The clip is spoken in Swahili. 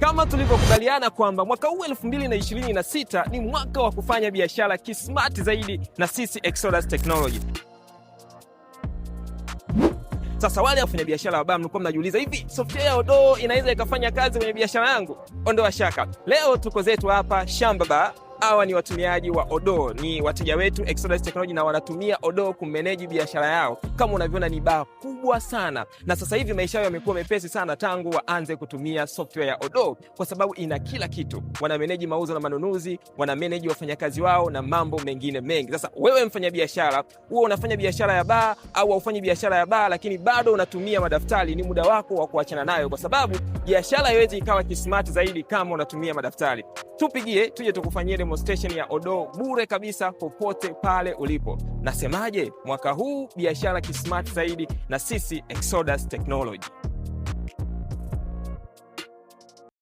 Kama tulivyokubaliana kwamba mwaka huu sita ni mwaka wa kufanya biashara kismart zaidi na sisi Exodus Technology. Sasa wale wafanyabiashara wabaya mlikuwa mnajiuliza hivi software ya Odoo inaweza ikafanya kazi kwenye biashara yangu? Ondoa shaka, leo tuko zetu hapa Shamba Bar hawa ni watumiaji wa odo ni wateja wetu Technology, na wanatumia odo kumeneji biashara yao. Kama unavyoona ni baa kubwa sana, na sasa hivi maisha yao yamekuwa mepesi sana tangu waanze kutumia software ya odo kwa sababu ina kila kitu. Wanameneji mauzo na manunuzi, wanameneji wafanyakazi wao na mambo mengine mengi. Sasa wewe mfanyabiashara, huwa unafanya biashara ya baa au haufanyi biashara ya baa, lakini bado unatumia madaftari, ni muda wako wa kuachana nayo, kwa sababu biashara haiwezi ikawa kismart zaidi kama unatumia madaftari tupigie tuje tukufanyie demonstration ya odoo bure kabisa popote pale ulipo. Nasemaje, mwaka huu biashara kismart zaidi na sisi Exodus Technology.